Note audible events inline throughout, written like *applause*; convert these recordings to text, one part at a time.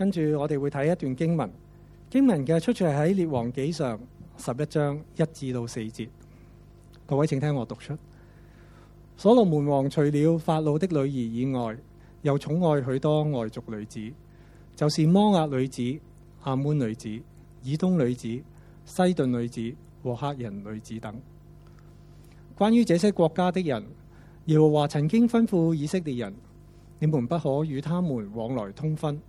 跟住，我哋會睇一段經文。經文嘅出處喺《列王紀》上十一章一至到四節。各位請聽我讀出：所羅門王除了法老的女兒以外，又寵愛許多外族女子，就是摩押女子、阿門女子、以東女子、西頓女子和黑人女子等。關於這些國家的人，耶和華曾經吩咐以色列人：你們不可與他們往來通婚。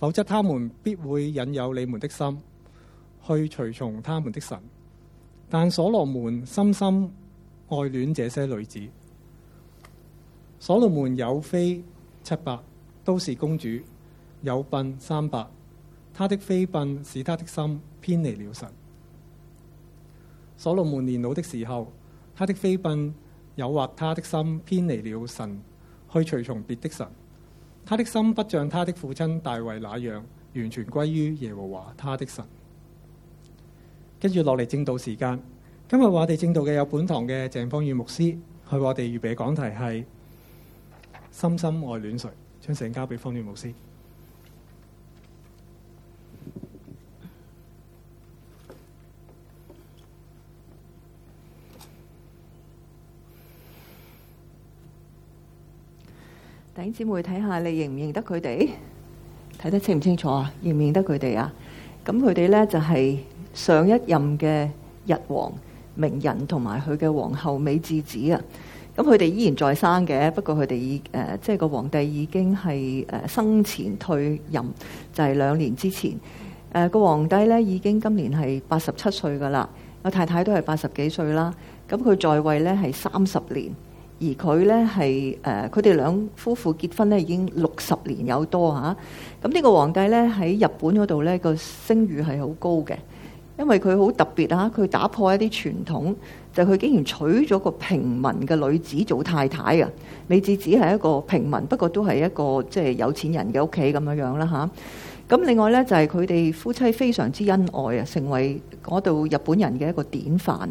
否則他們必會引誘你們的心去隨從他們的神。但所羅門深深愛戀這些女子。所羅門有妃七百，都是公主；有嬪三百，他的妃嬪使他的心偏離了神。所羅門年老的時候，他的妃嬪誘惑他的心偏離了神，去隨從別的神。他的心不像他的父親大衛那樣完全歸於耶和華他的神。跟住落嚟正道時間，今日我哋正道嘅有本堂嘅鄭方遠牧師，佢我哋預備講題係深深愛戀誰，將聖交俾方遠牧師。請姐妹睇下你認唔認得佢哋？睇得清唔清楚啊？認唔認得佢哋啊？咁佢哋咧就係、是、上一任嘅日皇明仁同埋佢嘅皇后美智子啊。咁佢哋依然在生嘅，不過佢哋誒、即、呃、係、就是、個皇帝已經係誒、呃、生前退任，就係、是、兩年之前。誒、呃，個皇帝咧已經今年係八十七歲噶啦，我太太都係八十幾歲啦。咁佢在位咧係三十年。而佢咧係誒，佢哋兩夫婦結婚咧已經六十年有多嚇。咁呢個皇帝咧喺日本嗰度咧個聲譽係好高嘅，因為佢好特別啊！佢打破一啲傳統，就佢、是、竟然娶咗個平民嘅女子做太太啊！美智子只係一個平民，不過都係一個即係有錢人嘅屋企咁樣樣啦嚇。咁另外咧就係佢哋夫妻非常之恩愛啊，成為嗰度日本人嘅一個典範。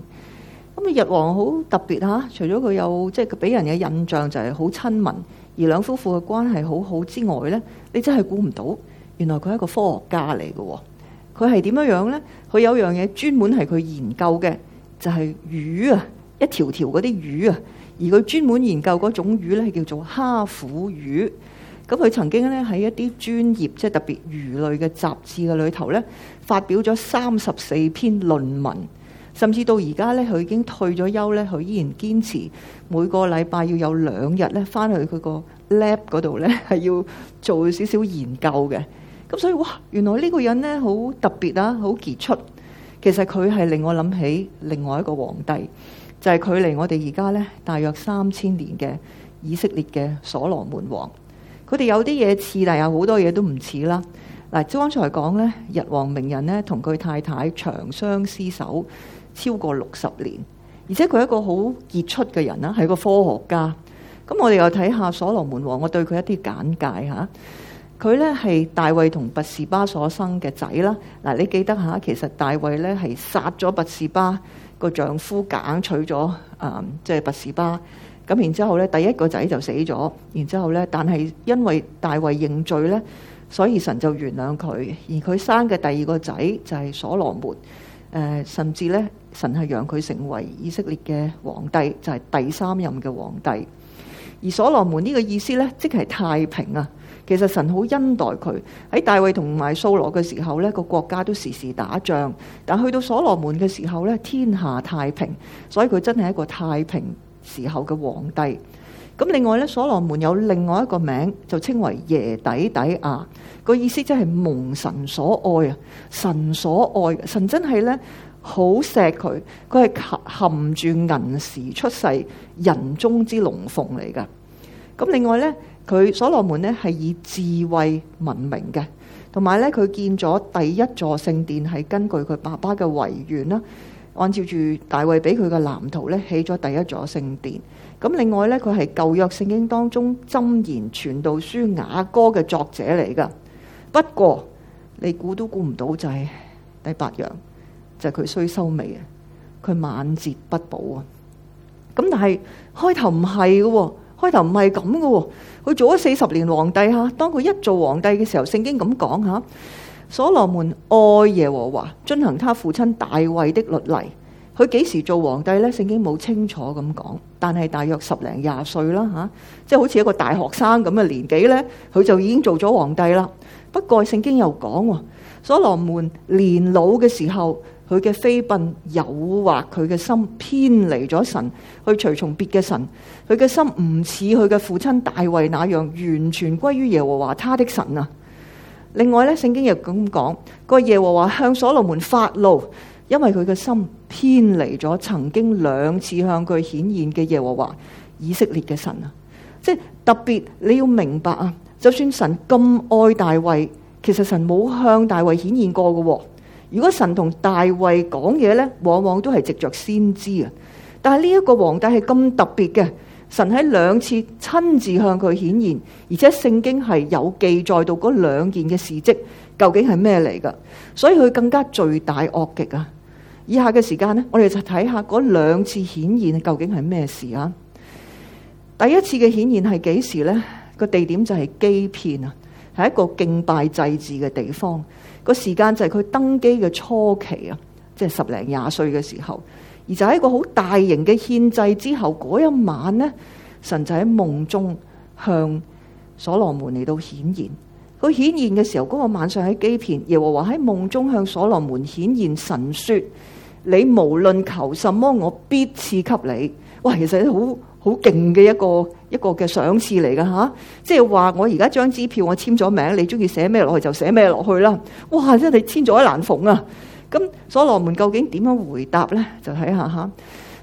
咁日王好特別嚇，除咗佢有即係俾人嘅印象就係好親民，而兩夫婦嘅關係好好之外咧，你真係估唔到，原來佢係一個科學家嚟嘅。佢係點樣樣咧？佢有樣嘢專門係佢研究嘅，就係、是、魚啊，一條條嗰啲魚啊。而佢專門研究嗰種魚咧，叫做蝦虎魚。咁佢曾經咧喺一啲專業即係特別魚類嘅雜誌嘅裏頭咧，發表咗三十四篇論文。甚至到而家咧，佢已經退咗休咧，佢依然堅持每個禮拜要有兩日咧，翻去佢個 lab 嗰度咧，係要做少少研究嘅。咁所以哇，原來呢個人咧好特別啊，好傑出。其實佢係令我諗起另外一個皇帝，就係距離我哋而家咧大約三千年嘅以色列嘅所羅門王。佢哋有啲嘢似，但有好多嘢都唔似啦。嗱，剛才講咧，日王名人咧同佢太太長相廝守。超過六十年，而且佢係一個好傑出嘅人啦，係個科學家。咁我哋又睇下所羅門王，我對佢一啲簡介嚇。佢呢係大衛同拔士巴所生嘅仔啦。嗱、啊，你記得嚇，其實大衛呢係殺咗拔士巴個丈夫，揀娶咗啊，即係拔士巴。咁、嗯就是、然之後呢，第一個仔就死咗。然之後呢，但係因為大衛認罪呢，所以神就原諒佢。而佢生嘅第二個仔就係所羅門。誒、呃，甚至呢。神係讓佢成為以色列嘅皇帝，就係第三任嘅皇帝。而所羅門呢個意思呢，即係太平啊！其實神好恩待佢，喺大衛同埋掃羅嘅時候呢，個國家都時時打仗，但去到所羅門嘅時候呢，天下太平，所以佢真係一個太平時候嘅皇帝。咁另外呢，所羅門有另外一個名，就稱為耶底底亞，個意思即係蒙神所愛啊！神所愛，神真係呢。好錫佢，佢係含住銀匙出世，人中之龍鳳嚟噶。咁另外呢，佢所羅門呢係以智慧聞名嘅，同埋呢，佢建咗第一座聖殿，係根據佢爸爸嘅遺願啦，按照住大衛俾佢嘅藍圖呢，起咗第一座聖殿。咁另外呢，佢係舊約聖經當中箴言、傳道書、雅歌嘅作者嚟噶。不過你估都估唔到，就係第八樣。就係、是、佢衰收尾嘅，佢晚節不保啊！咁但係開頭唔係嘅，開頭唔係咁嘅，佢、哦、做咗四十年皇帝吓。當佢一做皇帝嘅時候，聖經咁講吓，所羅門愛耶和華，遵行他父親大衛的律例。佢幾時做皇帝咧？聖經冇清楚咁講，但係大約十零廿歲啦吓，即係好似一個大學生咁嘅年紀咧，佢就已經做咗皇帝啦。不過聖經又講，所羅門年老嘅時候。佢嘅妃嬪誘惑佢嘅心偏離咗神，去隨從別嘅神。佢嘅心唔似佢嘅父親大衛那樣完全歸於耶和華他的神啊。另外咧，聖經又咁講，個耶和華向所羅門發怒，因為佢嘅心偏離咗曾經兩次向佢顯現嘅耶和華以色列嘅神啊。即係特別你要明白啊，就算神咁愛大衛，其實神冇向大衛顯現過噶啊。如果神同大衛講嘢呢，往往都係藉著先知啊。但係呢一個皇帝係咁特別嘅，神喺兩次親自向佢顯現，而且聖經係有記載到嗰兩件嘅事跡，究竟係咩嚟噶？所以佢更加罪大惡極噶。以下嘅時間呢，我哋就睇下嗰兩次顯現究竟係咩事啊？第一次嘅顯現係幾時呢？個地點就係基片啊，係一個敬拜祭祀嘅地方。那個時間就係佢登基嘅初期啊，即係十零廿歲嘅時候，而就喺一個好大型嘅獻祭之後嗰一晚呢，神就喺夢中向所羅門嚟到顯現。佢顯現嘅時候，嗰個晚上喺基遍，耶和華喺夢中向所羅門顯現，神說：你無論求什麼，我必賜給你。哇，其實好～好勁嘅一個一個嘅賞賜嚟噶吓，即係話我而家張支票我簽咗名，你中意寫咩落去就寫咩落去啦。哇！真係千載難逢啊！咁所羅門究竟點樣回答呢？就睇下吓。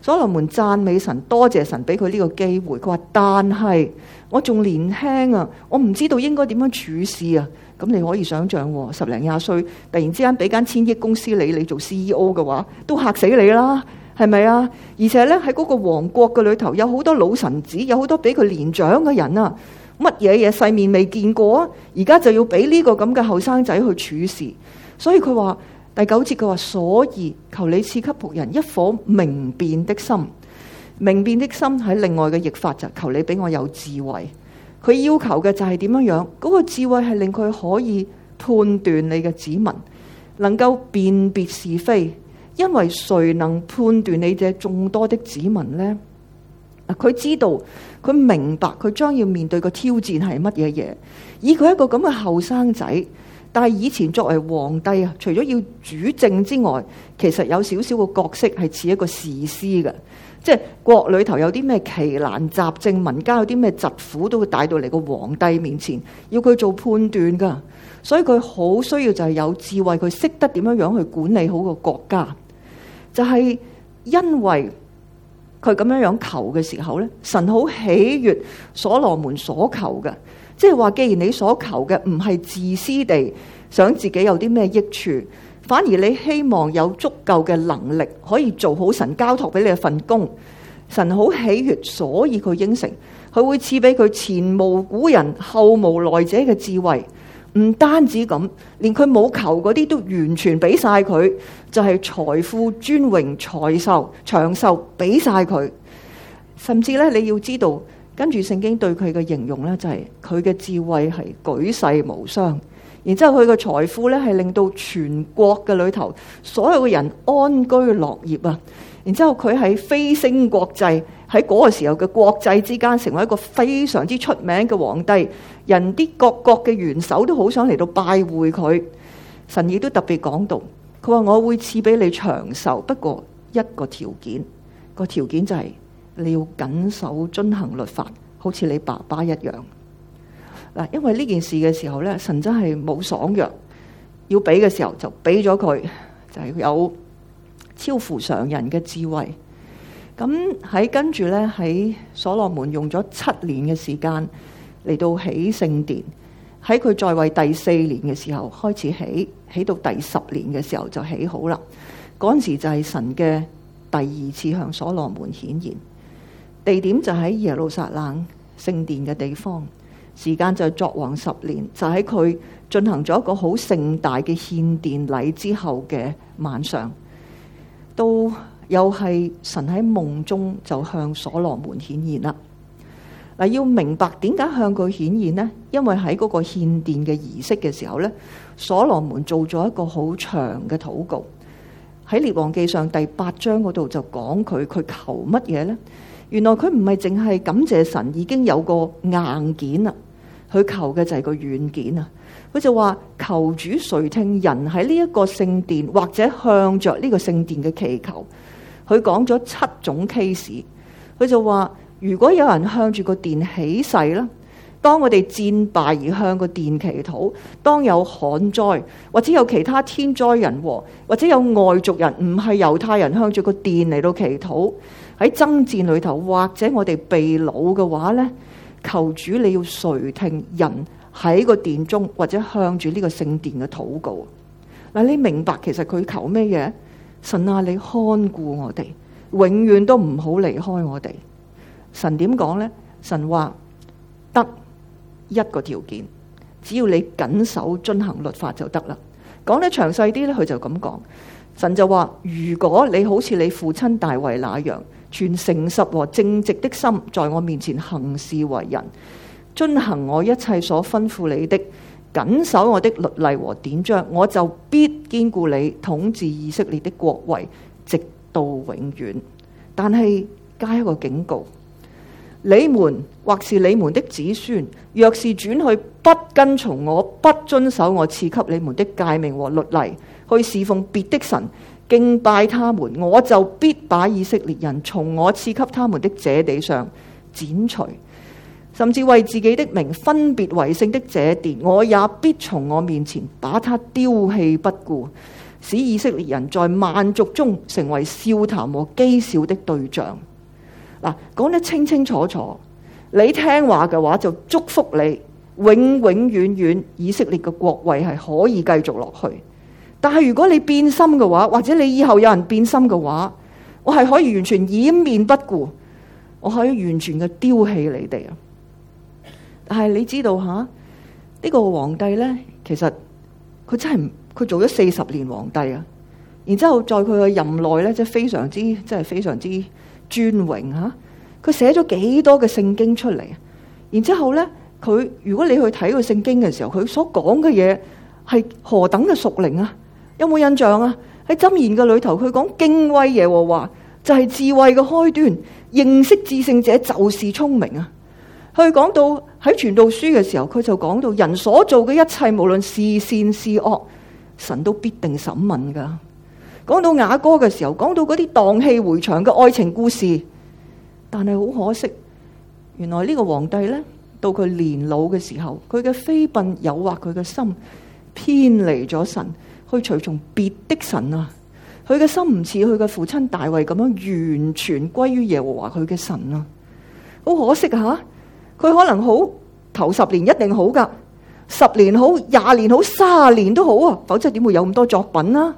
所羅門讚美神，多謝神俾佢呢個機會。佢話：但係我仲年輕啊，我唔知道應該點樣處事啊。咁你可以想象，十零廿歲突然之間俾間千億公司你你做 CEO 嘅話，都嚇死你啦！係咪啊？而且呢，喺嗰個王國嘅裏頭，有好多老臣子，有好多比佢年長嘅人啊！乜嘢嘢世面未見過啊？而家就要俾呢個咁嘅後生仔去處事，所以佢話第九節佢話，所以求你賜給僕人一顆明辨的心，明辨的心喺另外嘅譯法就是，求你俾我有智慧。佢要求嘅就係點樣樣？嗰、那個智慧係令佢可以判斷你嘅子民，能夠辨別是非。因為誰能判斷你這眾多的子民呢？佢知道，佢明白佢將要面對嘅挑戰係乜嘢嘢。以佢一個咁嘅後生仔，但係以前作為皇帝啊，除咗要主政之外，其實有少少個角色係似一個士師嘅，即係國裏頭有啲咩奇難雜症，民間有啲咩疾苦，都會帶到嚟個皇帝面前，要佢做判斷噶。所以佢好需要就係有智慧，佢識得點樣樣去管理好個國家。就係因為佢咁樣樣求嘅時候咧，神好喜悅所羅門所求嘅，即係話既然你所求嘅唔係自私地想自己有啲咩益處，反而你希望有足夠嘅能力可以做好神交託俾你嘅份工，神好喜悅，所以佢應承，佢會賜俾佢前無古人後無來者嘅智慧。唔單止咁，連佢冇求嗰啲都完全俾晒佢，就係、是、財富尊榮、尊榮、財壽、長壽，俾晒佢。甚至呢，你要知道跟住聖經對佢嘅形容呢，就係佢嘅智慧係舉世無雙。然之後佢嘅財富呢，係令到全國嘅裏頭所有嘅人安居樂業啊。然之後佢喺飛升國際。喺嗰個時候嘅國際之間成為一個非常之出名嘅皇帝，人啲各國嘅元首都好想嚟到拜會佢。神亦都特別講道，佢話我會賜俾你長壽，不過一個條件，個條件就係你要謹守遵行律法，好似你爸爸一樣。嗱，因為呢件事嘅時候咧，神真係冇爽約，要俾嘅時候就俾咗佢，就係有超乎常人嘅智慧。咁喺跟住呢，喺所羅門用咗七年嘅時間嚟到起聖殿。喺佢在位第四年嘅時候開始起，起到第十年嘅時候就起好啦。嗰陣時就係神嘅第二次向所羅門顯現，地點就喺耶路撒冷聖殿嘅地方，時間就作王十年，就喺佢進行咗一個好盛大嘅獻殿禮之後嘅晚上，都。又係神喺夢中就向所羅門顯現啦。嗱，要明白點解向佢顯現呢？因為喺嗰個獻殿嘅儀式嘅時候咧，所羅門做咗一個好長嘅禱告。喺列王記上第八章嗰度就講佢，佢求乜嘢呢？原來佢唔係淨係感謝神已經有個硬件啊，佢求嘅就係個軟件啊。佢就話求主垂聽人喺呢一個聖殿或者向着呢個聖殿嘅祈求。佢講咗七種 case，佢就話：如果有人向住個殿起誓啦，當我哋戰敗而向個殿祈禱，當有旱災或者有其他天災人禍，或者有外族人唔係猶太人向住個殿嚟到祈禱，喺爭戰裏頭或者我哋被擄嘅話呢，求主你要垂聽人喺個殿中或者向住呢個聖殿嘅禱告。嗱，你明白其實佢求咩嘢？神啊，你看顧我哋，永遠都唔好離開我哋。神點講呢？神話得一個條件，只要你謹守遵行律法就得啦。講得詳細啲咧，佢就咁講。神就話：如果你好似你父親大衛那樣，全誠實和正直的心，在我面前行事為人，遵行我一切所吩咐你的。謹守我的律例和典章，我就必堅固你統治以色列的國位，直到永遠。但係加一個警告：你們或是你們的子孫，若是轉去不跟從我，不遵守我賜給你們的誡命和律例，去侍奉別的神敬拜他們，我就必把以色列人從我賜給他們的這地上剪除。甚至為自己的名分別為聖的這殿，我也必從我面前把它丟棄不顧，使以色列人在萬族中成為笑談和譏笑的對象。嗱，講得清清楚楚，你聽話嘅話就祝福你永永遠遠，遠以色列嘅國位係可以繼續落去。但係如果你變心嘅話，或者你以後有人變心嘅話，我係可以完全掩面不顧，我可以完全嘅丟棄你哋啊！但係你知道吓？呢、這個皇帝咧，其實佢真係佢做咗四十年皇帝啊。然之後在佢嘅任內咧，即係非常之，即係非常之尊榮吓。佢寫咗幾多嘅聖經出嚟？啊？然之後咧，佢如果你去睇佢聖經嘅時候，佢所講嘅嘢係何等嘅屬靈啊？有冇印象啊？喺箴言嘅裏頭，佢講敬畏耶和華就係智慧嘅開端，認識至聖者就是聰明啊。佢講到。喺傳道書嘅時候，佢就講到人所做嘅一切，無論是善是惡，神都必定審問噶。講到雅歌嘅時候，講到嗰啲蕩氣迴腸嘅愛情故事，但係好可惜，原來呢個皇帝咧，到佢年老嘅時候，佢嘅妃嬪誘惑佢嘅心，偏離咗神，去隨從別的神啊！佢嘅心唔似佢嘅父親大衛咁樣完全歸於耶和華佢嘅神啊！好可惜啊吓！佢可能好，頭十年一定好噶，十年好，廿年好，三十年都好啊，否則點會有咁多作品啊？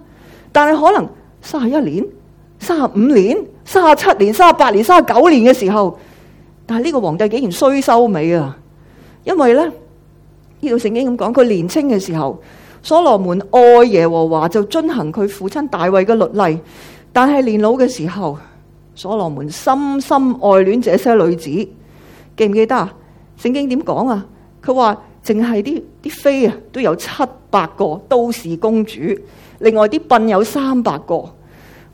但係可能三十一年、三十五年、三十七年、三十八年、三十九年嘅時候，但係呢個皇帝竟然衰收尾啊！因為咧，呢度聖經咁講，佢年青嘅時候所羅門愛耶和華，就遵行佢父親大衛嘅律例；但係年老嘅時候，所羅門深深愛戀這些女子。記唔記得啊？聖經點講啊？佢話淨係啲啲妃啊都有七百個都是公主，另外啲嬪有三百個。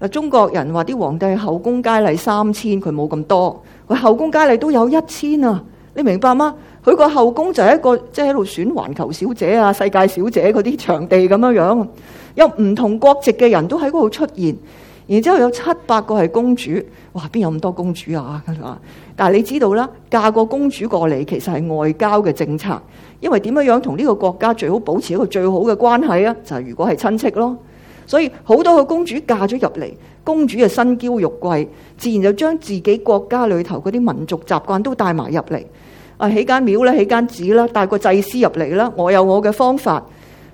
嗱，中國人話啲皇帝後宮佳麗三千，佢冇咁多。佢後宮佳麗都有一千啊？你明白嗎？佢個後宮就係一個即係喺度選環球小姐啊、世界小姐嗰啲場地咁樣樣，有唔同國籍嘅人都喺嗰度出現，然之後有七百個係公主。哇，邊有咁多公主啊？啊？但係你知道啦，嫁個公主過嚟其實係外交嘅政策，因為點樣樣同呢個國家最好保持一個最好嘅關係咧，就係如果係親戚咯。所以好多個公主嫁咗入嚟，公主啊，身嬌玉貴，自然就將自己國家裏頭嗰啲民族習慣都帶埋入嚟。啊，起間廟咧，起間寺啦，帶個祭司入嚟啦，我有我嘅方法。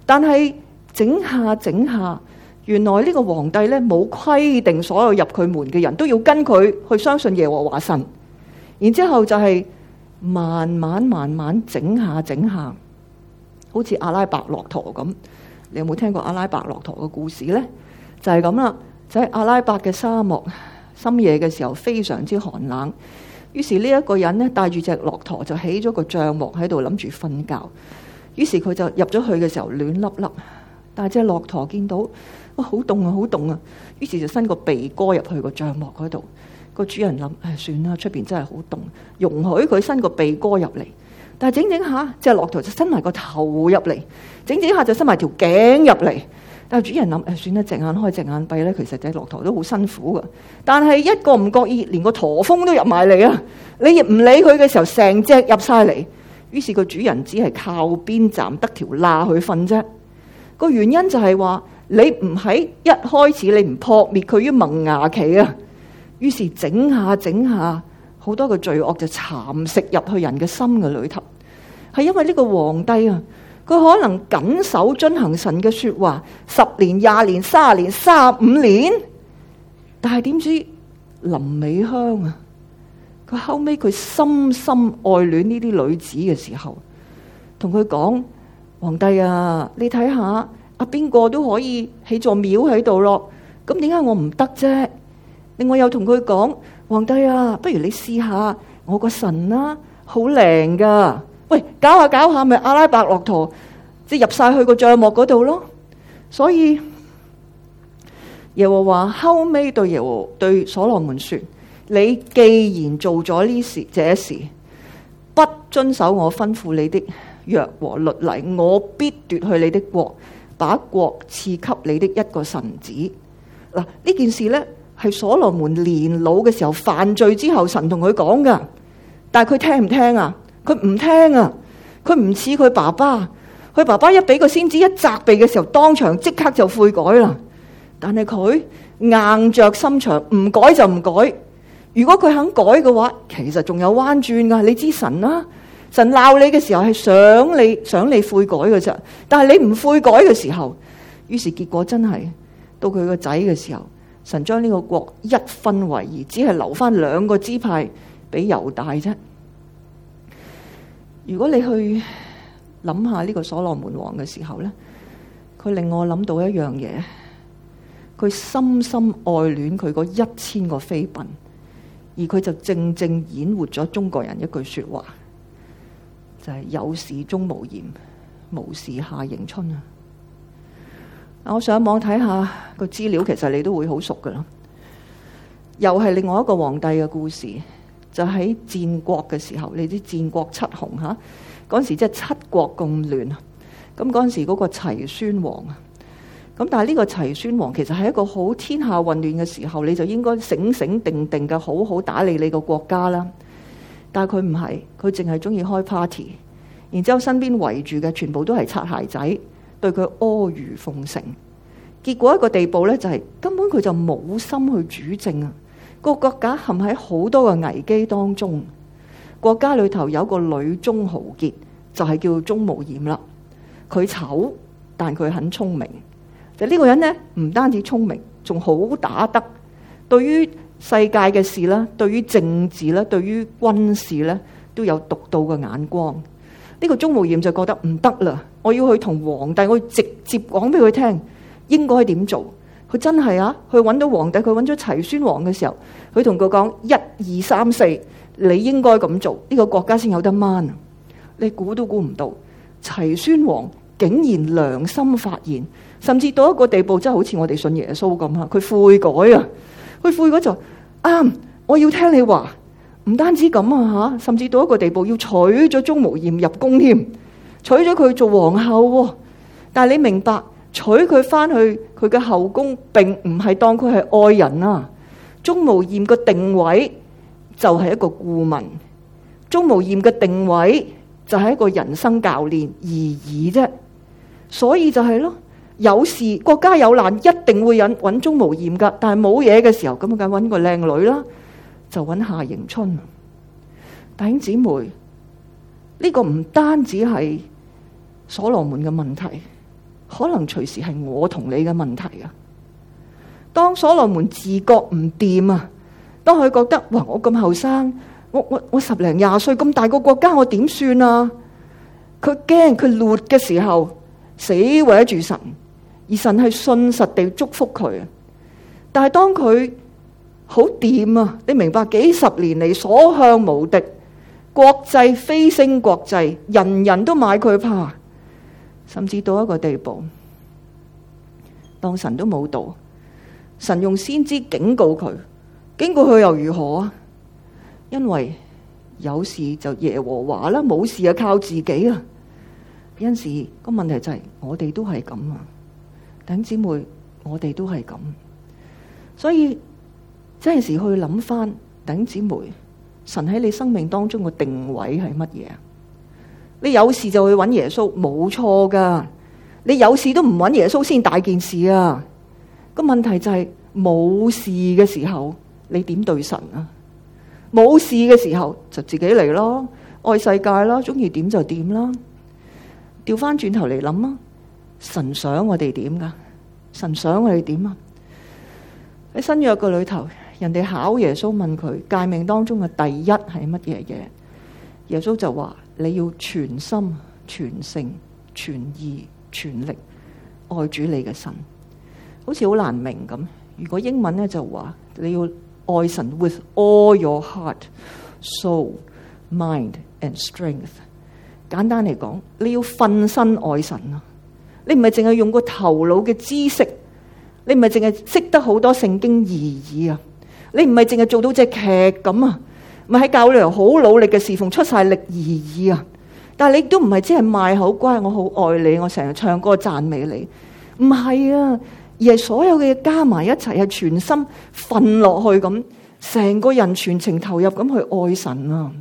但係整下整下，原來呢個皇帝呢，冇規定所有入佢門嘅人都要跟佢去相信耶和華神。然之後就係慢慢慢慢整下整下，好似阿拉伯駱駝咁。你有冇聽過阿拉伯駱駝嘅故事咧？就係咁啦。喺、就喺、阿拉伯嘅沙漠深夜嘅時，時候，非常之寒冷。於是呢一個人咧帶住隻駱駝就起咗個帳幕喺度諗住瞓覺。於是佢就入咗去嘅時候暖粒粒，但係隻駱駝見到哇，好凍啊，好凍啊，於、啊、是就伸個鼻哥入去個帳幕嗰度。個主人諗誒、哎、算啦，出邊真係好凍，容許佢伸個鼻哥入嚟，但係整整下，即係駱駝就伸埋個頭入嚟，整整下就伸埋條頸入嚟。但係主人諗誒、哎、算啦，隻眼開隻眼閉咧，其實隻駱駝都好辛苦噶。但係一個唔覺意，連個駝峯都入埋嚟啦。你亦唔理佢嘅時候，成隻入晒嚟。於是個主人只係靠邊站，得條罅去瞓啫。個原因就係話，你唔喺一開始，你唔撲滅佢於萌芽期啊。於是整下整下，好多個罪惡就蠶食入去人嘅心嘅裏頭。係因為呢個皇帝啊，佢可能謹守遵行神嘅説話，十年、廿年、三十年、三十五年，但係點知林美香啊，佢後尾佢深深愛戀呢啲女子嘅時候，同佢講：皇帝啊，你睇下阿邊個都可以起座廟喺度咯，咁點解我唔得啫？我又同佢講，皇帝啊，不如你試下我個神啦、啊，好靈噶！喂，搞下搞下，咪、就是、阿拉伯駱駝即係入晒去個帳幕嗰度咯。所以耶和華後尾對耶和對所羅門說：你既然做咗呢事，這事不遵守我吩咐你的約和律例，我必奪去你的國，把國賜給你的一個神子。嗱，呢件事咧。係所羅門年老嘅時候犯罪之後，神同佢講噶，但係佢聽唔聽啊？佢唔聽啊！佢唔似佢爸爸，佢爸爸一俾個先知一責備嘅時候，當場即刻就悔改啦。但係佢硬著心腸，唔改就唔改。如果佢肯改嘅話，其實仲有彎轉噶。你知神啦、啊，神鬧你嘅時候係想你想你悔改噶啫。但係你唔悔改嘅時候，於是結果真係到佢個仔嘅時候。神將呢個國一分為二，只係留翻兩個支派俾猶大啫。如果你去諗下呢個所羅門王嘅時候咧，佢令我諗到一樣嘢，佢深深愛戀佢嗰一千個妃嬪，而佢就正正演活咗中國人一句説話，就係、是、有事終無言，無事下迎春啊！我上網睇下個資料，其實你都會好熟噶啦。又係另外一個皇帝嘅故事，就喺戰國嘅時候，你啲戰國七雄嗰陣時，即係七國共亂啊。咁嗰陣時嗰個齊宣王啊，咁但係呢個齊宣王其實係一個好天下混亂嘅時候，你就應該醒醒定定嘅，好好打理你個國家啦。但係佢唔係，佢淨係中意開 party，然之後身邊圍住嘅全部都係擦鞋仔。對佢阿諛奉承，結果一個地步咧，就係根本佢就冇心去主政啊！個國家陷喺好多嘅危機當中，國家裏頭有個女中豪傑，就係叫鍾無艷啦。佢醜，但佢很聰明。就呢個人咧，唔單止聰明，仲好打得。對於世界嘅事啦，對於政治啦，對於軍事咧，都有獨到嘅眼光。呢個鍾無艷就覺得唔得啦，我要去同皇帝，我要直接講俾佢聽應該點做。佢真係啊，去揾到皇帝，佢揾咗齊宣王嘅時候，佢同佢講一二三四，你應該咁做，呢個國家先有得掹。你估都估唔到，齊宣王竟然良心發現，甚至到一個地步，真係好似我哋信耶穌咁啊！佢悔改啊，佢悔改就啱，啊，我要聽你話。唔單止咁啊吓，甚至到一個地步，要娶咗鍾無艷入宮添，娶咗佢做皇后。但係你明白，娶佢翻去佢嘅後宮，並唔係當佢係愛人啊。鍾無艷嘅定位就係一個顧問，鍾無艷嘅定位就係一個人生教練而已啫。所以就係咯，有事國家有難，一定會引搵鍾無艷噶。但係冇嘢嘅時候，咁啊，梗揾個靚女啦。就揾夏迎春啊！弟兄姊妹，呢個唔單止係所羅門嘅問題，可能隨時係我同你嘅問題啊！當所羅門自覺唔掂啊，當佢覺得哇，我咁後生，我我我十零廿歲咁大個國家，我點算啊？佢驚佢劣嘅時候，死咗住神，而神係信實地祝福佢。但係當佢，好掂啊！你明白幾十年嚟所向無敵，國際飛升國際，國際人人都買佢怕，甚至到一個地步，當神都冇道，神用先知警告佢，警告佢又如何啊？因為有事就耶和華啦，冇事就靠自己啊。有陣時個問題就係、是、我哋都係咁啊，頂姊妹，我哋都係咁，所以。即係時去諗翻頂姊妹，神喺你生命當中嘅定位係乜嘢啊？你有事就去揾耶穌，冇錯噶。你有事都唔揾耶穌先大件事啊！個問題就係、是、冇事嘅時候，你點對神啊？冇事嘅時候就自己嚟咯，愛世界咯，中意點就點囉。調翻轉頭嚟諗啦，神想我哋點噶？神想我哋點啊？喺新約個裏頭。人哋考耶穌，問佢誡命當中嘅第一係乜嘢嘢？耶穌就話：你要全心、全性、全意、全力愛主你嘅神，好似好難明咁。如果英文咧，就話你要愛神 with all your heart, soul, mind and strength。簡單嚟講，你要瞓身愛神啊！你唔係淨係用個頭腦嘅知識，你唔係淨係識得好多聖經而已啊！你唔係淨係做到隻劇咁啊，咪喺教會裏頭好努力嘅侍奉出晒力而已啊！但係你都唔係只係賣口乖，我好愛你，我成日唱歌讚美你，唔係啊，而係所有嘅嘢加埋一齊，係全心瞓落去咁，成個人全程投入咁去愛神啊！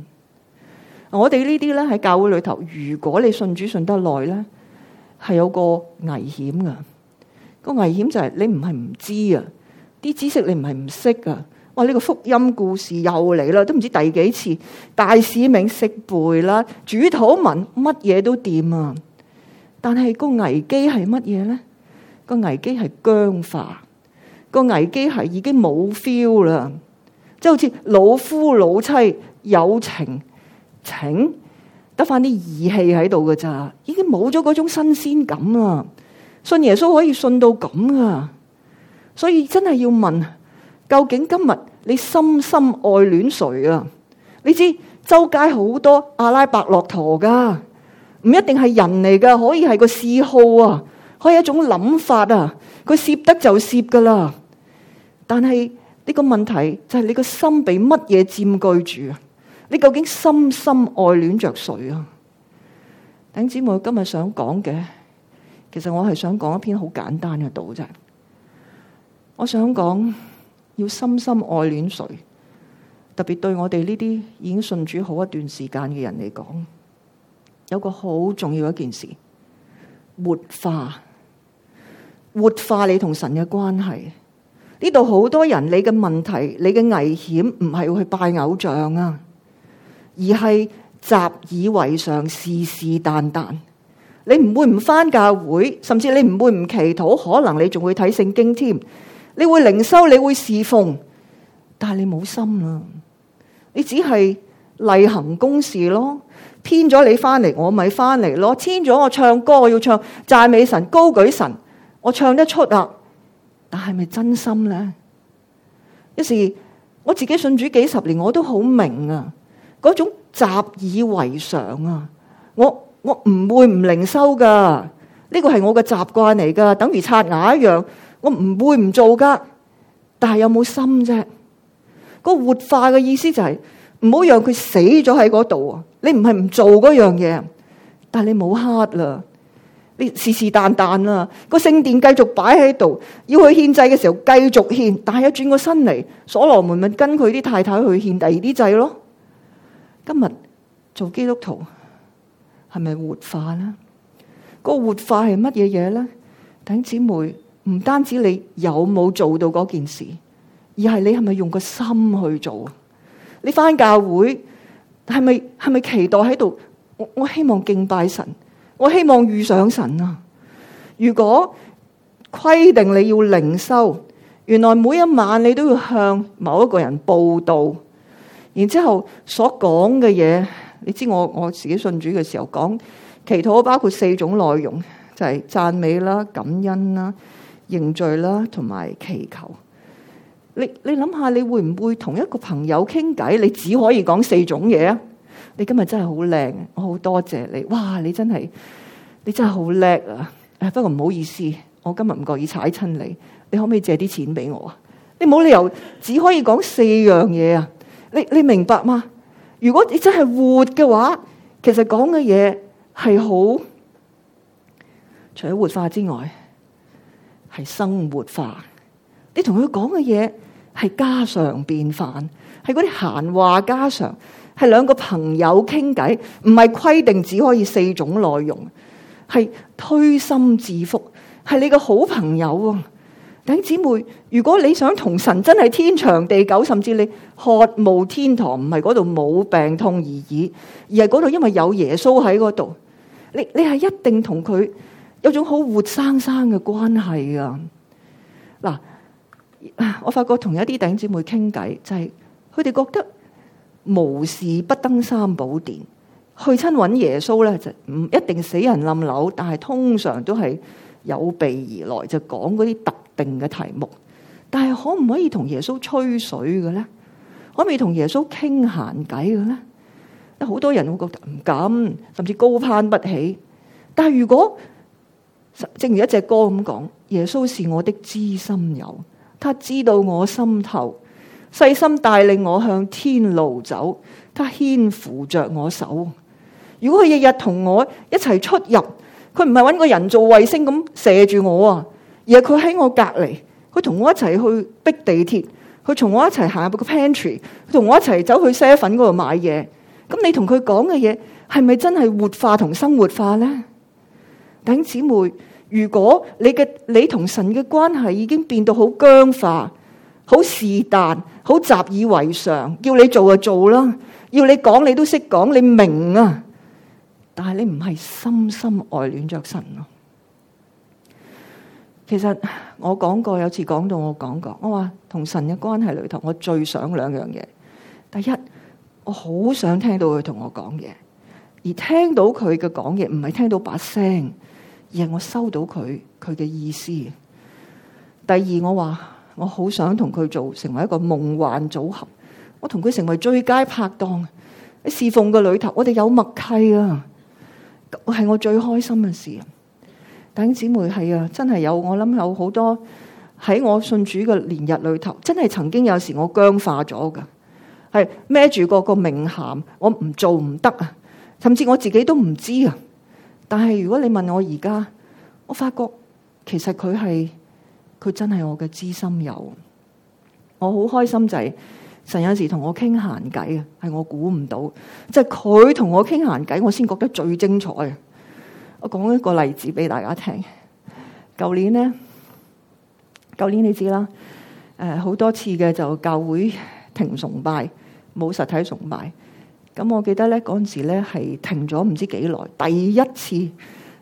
我哋呢啲咧喺教會裏頭，如果你信主信得耐咧，係有個危險噶個危險就係你唔係唔知啊，啲知識你唔係唔識啊。哇！呢、這個福音故事又嚟啦，都唔知第幾次，大使命識背啦，主禱文乜嘢都掂啊！但係個危機係乜嘢咧？個危機係僵化，個危機係已經冇 feel 啦，即、就、係、是、好似老夫老妻友情情得返啲義氣喺度嘅咋，已經冇咗嗰種新鮮感啦！信耶穌可以信到咁啊！所以真係要問。究竟今日你深深愛戀誰啊？你知周街好多阿拉伯駱駝噶，唔一定係人嚟噶，可以係個嗜好啊，可以一種諗法啊。佢攝得就攝噶啦。但係呢個問題就係你個心被乜嘢佔據住啊？你究竟深深愛戀着誰啊？弟兄姊妹，今日想講嘅，其實我係想講一篇好簡單嘅道啫。我想講。要深深愛戀誰？特別對我哋呢啲已經信主好一段時間嘅人嚟講，有個好重要一件事，活化，活化你同神嘅關係。呢度好多人，你嘅問題、你嘅危險，唔係要去拜偶像啊，而係習以為常、是是但但。你唔會唔返教會，甚至你唔會唔祈禱，可能你仲會睇聖經添。你會靈修，你會侍奉，但係你冇心啦、啊。你只係例行公事咯，編咗你翻嚟，我咪翻嚟咯。簽咗我唱歌，我要唱讚美神、高舉神，我唱得出啊。但係咪真心呢？一時我自己信主幾十年，我都好明啊，嗰種習以為常啊。我我唔會唔靈修噶，呢、這個係我嘅習慣嚟噶，等於刷牙一樣。我唔會唔做噶，但係有冇心啫？個活化嘅意思就係唔好讓佢死咗喺嗰度啊！你唔係唔做嗰樣嘢，但係你冇黑啦，你是是旦旦啦。個聖殿繼續擺喺度，要去獻祭嘅時候繼續獻，但係一轉個身嚟，所羅門咪跟佢啲太太去獻第二啲祭咯。今日做基督徒係咪活化咧？個活化係乜嘢嘢咧？等姊妹。唔單止你有冇做到嗰件事，而係你係咪用個心去做？你翻教會係咪係咪期待喺度？我我希望敬拜神，我希望遇上神啊！如果規定你要靈修，原來每一晚你都要向某一個人報道，然之後所講嘅嘢，你知我我自己信主嘅時候講祈禱包括四種內容，就係讚美啦、感恩啦。凝聚啦，同埋祈求。你你諗下，你，想想你會唔會同一個朋友傾偈？你只可以講四種嘢啊！你今日真係好靚，我好多謝你。哇！你真係，你真係好叻啊！不過唔好意思，我今日唔覺意踩親你。你可唔可以借啲錢俾我啊？你冇理由只可以講四樣嘢啊！你你明白嗎？如果你真係活嘅話，其實講嘅嘢係好除咗活化之外。係生活化，你他說的，你同佢講嘅嘢係家常便飯，係嗰啲閒話家常，係兩個朋友傾偈，唔係規定只可以四種內容，係推心置腹，係你個好朋友啊，弟兄姊妹，如果你想同神真係天長地久，甚至你渴慕天堂，唔係嗰度冇病痛而已，而係嗰度因為有耶穌喺嗰度，你你係一定同佢。有一種好活生生嘅關係啊！嗱，我發覺同一啲弟兄姊妹傾偈，就係佢哋覺得無事不登三寶殿，去親揾耶穌咧就唔一定死人冧樓，但係通常都係有備而來，就講嗰啲特定嘅題目。但係可唔可以同耶穌吹水嘅咧？可唔可以同耶穌傾閒偈嘅咧？好多人會覺得唔敢，甚至高攀不起。但係如果，正如一隻歌咁講，耶穌是我的知心友，他知道我心頭，細心帶領我向天路走，他牽扶着我手。如果佢日日同我一齊出入，佢唔係搵個人造衛星咁射住我啊，而係佢喺我隔籬，佢同我一齊去逼地鐵，佢同我一齊行入個 pantry，佢同我一齊走去 seven 嗰度買嘢。咁你同佢講嘅嘢係咪真係活化同生活化呢？弟兄姊妹。如果你嘅你同神嘅關係已經變到好僵化、好是但、好習以為常，叫你做就做啦，要你講你都識講，你明啊，但係你唔係深深愛戀着神咯、啊。其實我講過有次講到我講過，我話同神嘅關係裏頭，我最想兩樣嘢。第一，我好想聽到佢同我講嘢，而聽到佢嘅講嘢唔係聽到把聲。而係我收到佢佢嘅意思。第二，我話我好想同佢做成為一個夢幻組合，我同佢成為最佳拍檔。侍奉嘅裏頭，我哋有默契啊，係我最開心嘅事。弟兄姊妹係啊，真係有我諗有好多喺我信主嘅年日裏頭，真係曾經有時我僵化咗噶，係孭住個個名銜，我唔做唔得啊，甚至我自己都唔知啊。但係如果你問我而家，我發覺其實佢係佢真係我嘅知心友，我好開心就係神有時同我傾閒偈啊，係我估唔到，即係佢同我傾閒偈，我先覺得最精彩啊！我講一個例子俾大家聽。舊年咧，舊年你知啦，誒、呃、好多次嘅就教會停崇拜，冇實體崇拜。咁我記得咧，嗰陣時咧係停咗唔知幾耐，第一次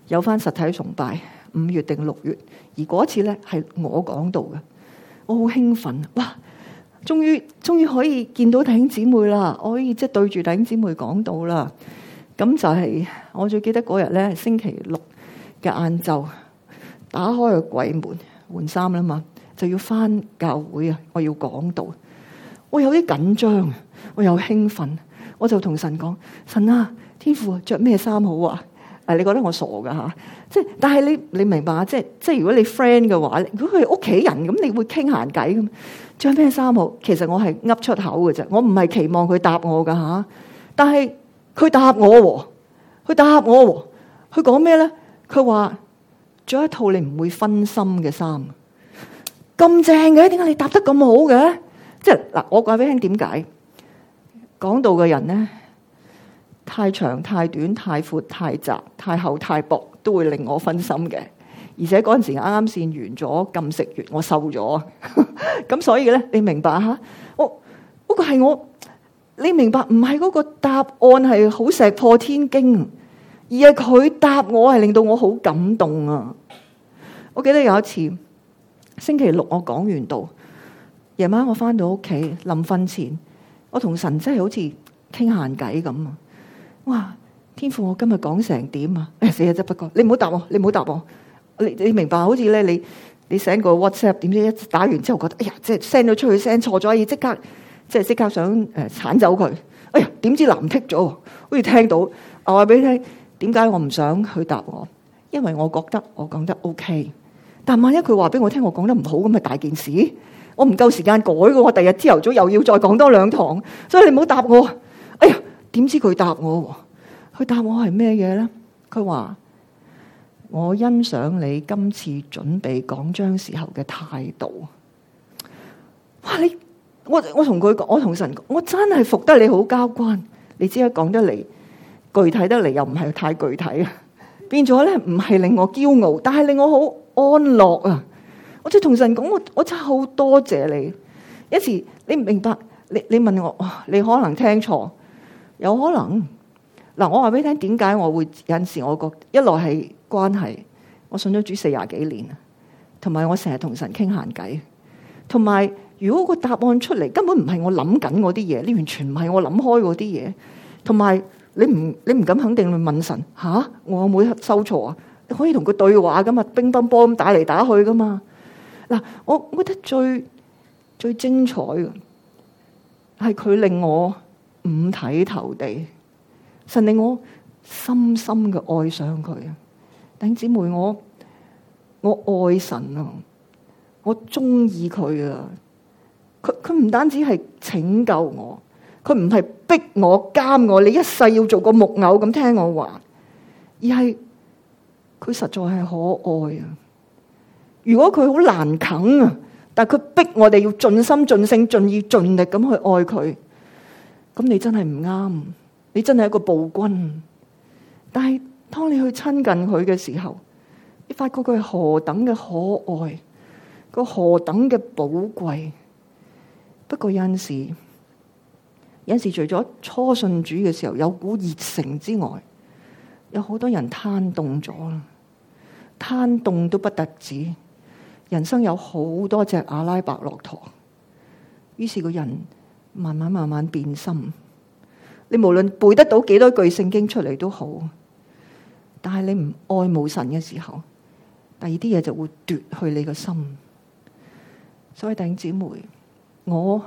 有翻實體崇拜，五月定六月。而嗰次咧係我講道嘅，我好興奮，哇！終於終於可以見到弟兄姊妹啦，我可以即係、就是、對住弟兄姊妹講道啦。咁就係、是、我最記得嗰日咧，星期六嘅晏晝，打開個櫃門換衫啦嘛，就要翻教會啊，我要講道，我有啲緊張，我又興奮，我就同神講：神啊，天父啊，着咩衫好啊？誒，你覺得我傻噶吓？即係，但係你你明白啊？即係即係，如果你 friend 嘅話，如果佢係屋企人，咁你會傾閒偈嘅。着咩衫好？其實我係噏出口嘅啫，我唔係期望佢答我噶吓。但係佢答我，佢答我，佢講咩咧？佢話，着一套你唔會分心嘅衫。咁正嘅？點解你答得咁好嘅？即係嗱，我講俾你聽點解。講道嘅人咧，太長太短、太闊太窄、太厚太薄，都會令我分心嘅。而且嗰陣時啱啱線完咗，禁食完了，我瘦咗，咁 *laughs* 所以咧，你明白吓？我嗰係、嗰個、我，你明白？唔係嗰個答案係好石破天驚，而係佢答我係令到我好感動啊！我記得有一次星期六我講完道，夜晚我翻到屋企，臨瞓前。我同神真係好似傾閒偈咁啊！哇，天父，我今、哎、日講成點啊？死啊！真不過，你唔好答我，你唔好答我。你你明白？好似咧，你你 send 個 WhatsApp 點知一打完之後覺得哎呀，即係 send 咗出去 send 錯咗，要即刻即係即刻想誒鏟走佢。哎呀，點、哎哎、知藍剔咗，好似聽到，我話俾你聽，點解我唔想佢答我？因為我覺得我講得 OK，但萬一佢話俾我聽我講得唔好咁，咪大件事。我唔夠時間改嘅，我第日朝頭早又要再講多兩堂，所以你唔好答我。哎呀，點知佢答我？佢答我係咩嘢咧？佢話我欣賞你今次準備講章時候嘅態度。哇！你我我同佢講，我同神，我真係服得你好交關。你只係講得嚟具體得嚟又唔係太具體啊，變咗咧唔係令我驕傲，但係令我好安樂啊。我就同神講：我我真係好多謝謝你。一時你唔明白，你你問我，你可能聽錯，有可能。嗱，我話俾你聽，點解我會有陣時我覺，一來係關係，我信咗主四廿幾年，同埋我成日同神傾閒偈，同埋如果個答案出嚟根本唔係我諗緊嗰啲嘢，呢完全唔係我諗開嗰啲嘢，同埋你唔你唔敢肯定去問神嚇，啊？我有冇收錯啊？你可以同佢對話噶嘛？乒乓波咁打嚟打去噶嘛？嗱，我我覺得最最精彩嘅係佢令我五體投地，神令我深深嘅愛上佢啊！弟兄姊妹，我我愛神啊，我中意佢啊！佢佢唔單止係拯救我，佢唔係逼我、監我，你一世要做個木偶咁聽我話，而係佢實在係可愛啊！如果佢好難啃，但佢逼我哋要盡心盡性盡意盡力咁去愛佢，咁你真係唔啱，你真係一個暴君。但係當你去親近佢嘅時候，你發覺佢係何等嘅可愛，佢何等嘅寶貴。不過有陣時，有陣時除咗初信主嘅時候有股熱誠之外，有好多人攤凍咗啦，攤凍都不特止。人生有好多隻阿拉伯駱駝，於是個人慢慢慢慢變心。你無論背得到幾多句聖經出嚟都好，但係你唔愛慕神嘅時候，第二啲嘢就會奪去你個心。所以弟兄姊妹，我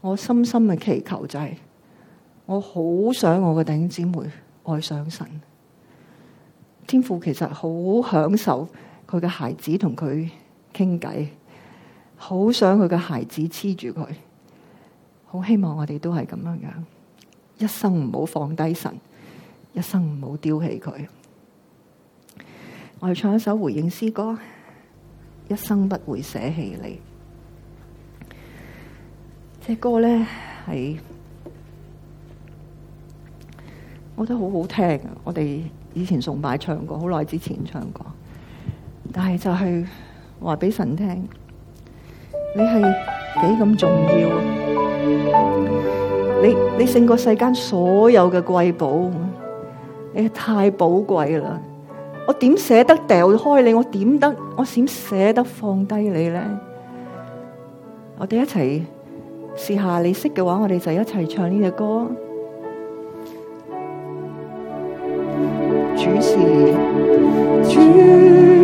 我深深嘅祈求就係，我好想我嘅弟兄姊妹愛上神。天父其實好享受。佢嘅孩子同佢傾偈，好想佢嘅孩子黐住佢，好希望我哋都係咁樣樣，一生唔好放低神，一生唔好丟棄佢。我哋唱一首回應詩歌，《一生不會捨棄你》隻歌呢。隻歌咧係，我覺得好好聽啊。我哋以前崇拜唱過，好耐之前唱過。但係就係話俾神聽，你係幾咁重要？你你勝過世間所有嘅貴寶，你太寶貴啦！我點捨得丟開你？我點得？我點捨得放低你咧？我哋一齊試下，你識嘅話，我哋就一齊唱呢隻歌。主，主，主持。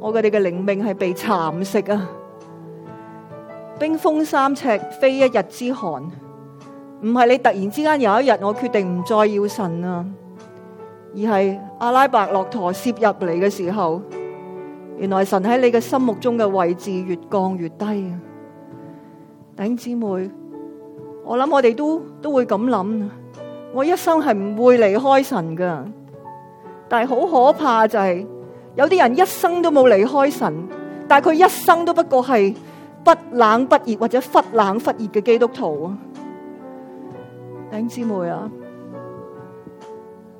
我哋嘅靈命係被蠶食啊！冰封三尺非一日之寒，唔係你突然之間有一日我決定唔再要神啊，而係阿拉伯駱駝攝入嚟嘅時候，原來神喺你嘅心目中嘅位置越降越低啊！弟兄姊妹，我諗我哋都都會咁諗啊！我一生係唔會離開神噶，但係好可怕就係、是。有啲人一生都冇離開神，但係佢一生都不過係不冷不熱或者忽冷忽熱嘅基督徒啊！弟兄姊妹啊，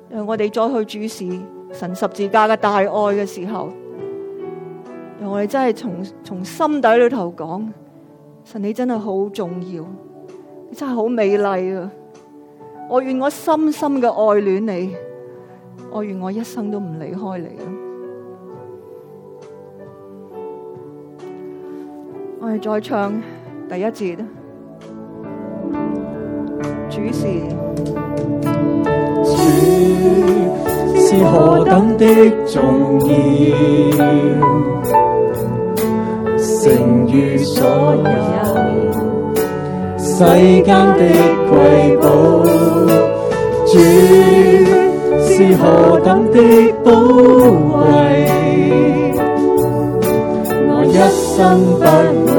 讓我哋再去注視神十字架嘅大愛嘅時候，讓我哋真係從從心底裏頭講，神你真係好重要，你真係好美麗啊！我願我深深嘅愛戀你，我願我一生都唔離開你啊！我哋再唱第一節，主是是何等的重要，勝於所有世間的瑰寶。主是何等的寶貴，我一生不。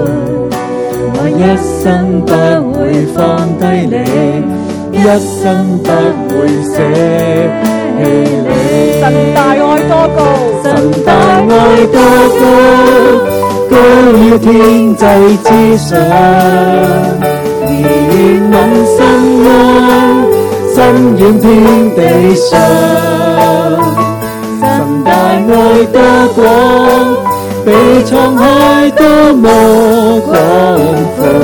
一生不會放低你，一生不會捨棄你。神大愛多高？神大愛多高？高於天際之上，憐憫心安，深遠天地上。神大愛多廣？被滄海多麼廣闊，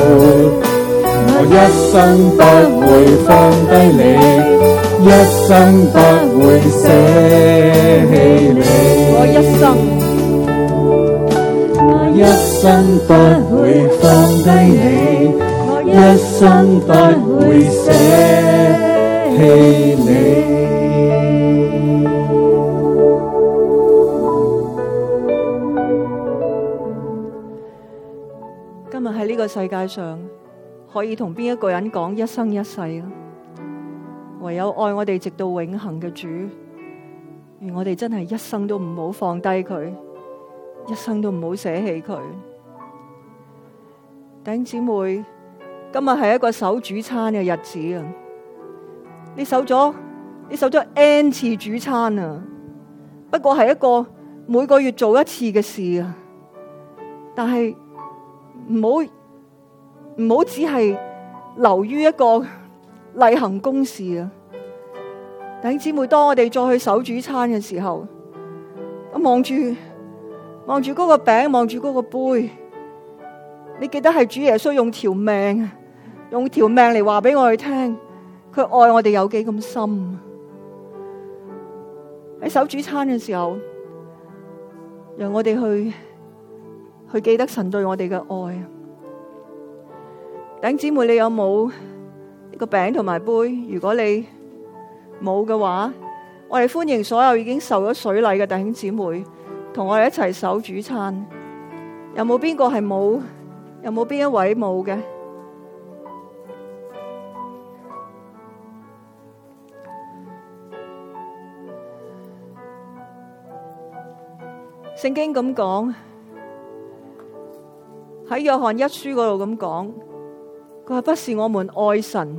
我一生不會放低你，一生不會捨棄你。我一生，我一生不會放低你，我一生不會捨棄你。世界上可以同邊一個人講一生一世啊？唯有愛我哋直到永恒嘅主，而我哋真係一生都唔好放低佢，一生都唔好捨棄佢。弟兄姊妹，今日係一個守主餐嘅日子啊！你守咗你守咗 N 次主餐啊，不過係一個每個月做一次嘅事啊，但係唔好。唔好只係留於一個例行公事啊！弟兄姊妹，當我哋再去守主餐嘅時候，我望住望住嗰個餅，望住嗰個杯，你記得係主耶穌用條命，用條命嚟話俾我哋聽，佢愛我哋有幾咁深？喺守主餐嘅時候，讓我哋去去記得神對我哋嘅愛。弟兄姊妹，你有冇一個餅同埋杯？如果你冇嘅話，我哋歡迎所有已經受咗水禮嘅弟兄姊妹，同我哋一齊守主餐。有冇邊個係冇？有冇邊一位冇嘅？聖經咁講，喺約翰一書嗰度咁講。佢話不是我們愛神，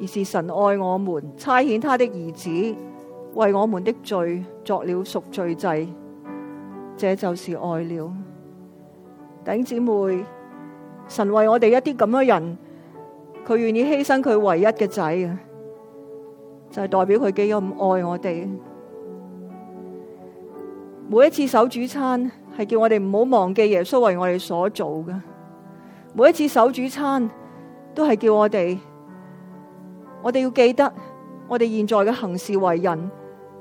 而是神愛我們，差遣他的兒子為我們的罪作了贖罪祭。這就是愛了，弟兄姊妹，神為我哋一啲咁嘅人，佢願意犧牲佢唯一嘅仔啊，就係、是、代表佢幾咁愛我哋。每一次守主餐係叫我哋唔好忘記耶穌為我哋所做嘅，每一次守主餐。都係叫我哋，我哋要記得，我哋現在嘅行事為人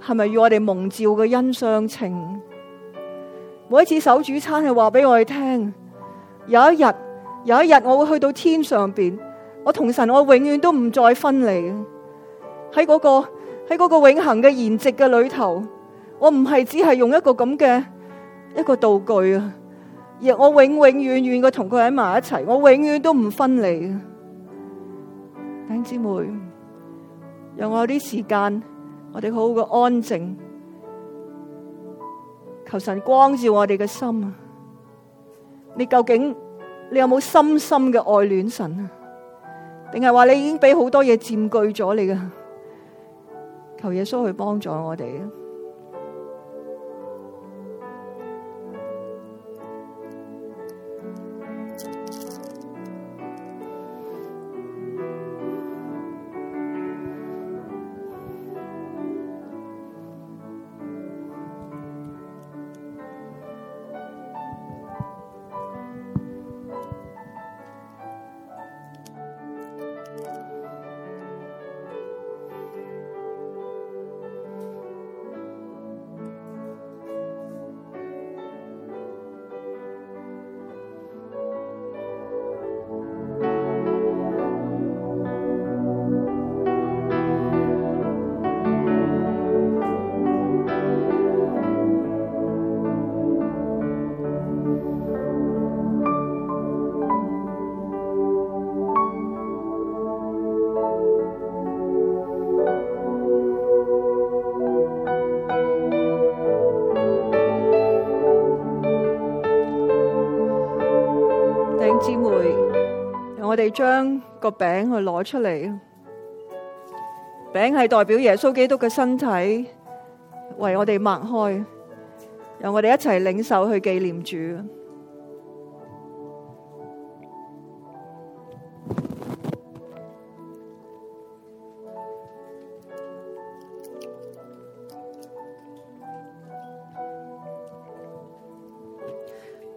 係咪與我哋蒙召嘅恩相稱？每一次守主餐係話俾我哋聽，有一日有一日我會去到天上邊，我同神我永遠都唔再分離。喺嗰個喺嗰個永恆嘅筵席嘅裏頭，我唔係只係用一個咁嘅一個道具啊，而我永永遠遠嘅同佢喺埋一齊，我永遠都唔分離。兄姊妹，讓我有啲時間，我哋好好嘅安靜，求神光照我哋嘅心啊！你究竟，你有冇深深嘅愛戀神啊？定係話你已經畀好多嘢佔據咗你嘅？求耶穌去幫助我哋啊！我哋將個餅去攞出嚟，餅係代表耶穌基督嘅身體，為我哋擘開，由我哋一齊領受去紀念主。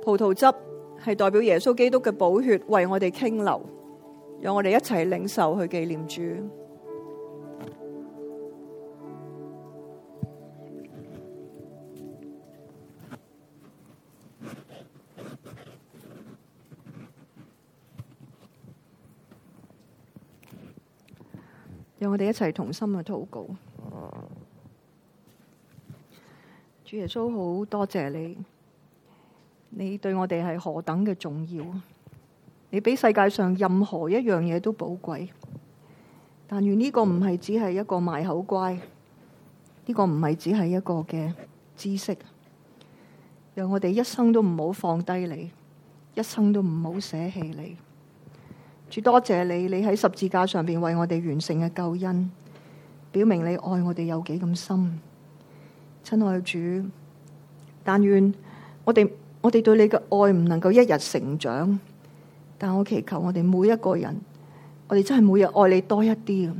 葡萄汁。係代表耶穌基督嘅寶血為我哋傾流，讓我哋一齊領受去紀念主，讓我哋一齊同心去禱告。主耶穌好，好多謝你。你對我哋係何等嘅重要？你比世界上任何一樣嘢都寶貴。但願呢個唔係只係一個賣口乖，呢個唔係只係一個嘅知識。讓我哋一生都唔好放低你，一生都唔好捨棄你。主多謝你，你喺十字架上邊為我哋完成嘅救恩，表明你愛我哋有幾咁深。親愛主，但願我哋。我哋對你嘅愛唔能夠一日成長，但我祈求我哋每一個人，我哋真係每日愛你多一啲，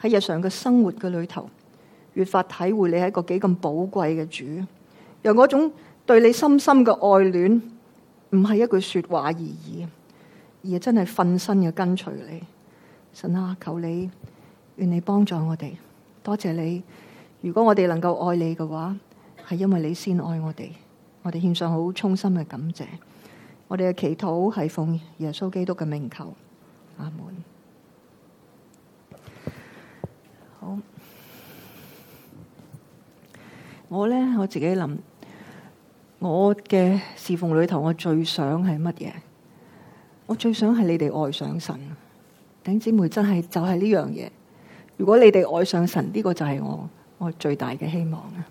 喺日常嘅生活嘅裏頭，越發體會你係一個幾咁寶貴嘅主，由嗰種對你深深嘅愛戀，唔係一句說話而已，而係真係瞓身嘅跟隨你。神啊，求你，願你幫助我哋，多謝你。如果我哋能夠愛你嘅話，係因為你先愛我哋。我哋獻上好衷心嘅感謝，我哋嘅祈禱係奉耶穌基督嘅命求，阿門。好，我咧我自己諗，我嘅侍奉裏頭，我最想係乜嘢？我最想係你哋愛上神，頂姊妹真係就係呢樣嘢。如果你哋愛上神，呢個就係我我最大嘅希望啊！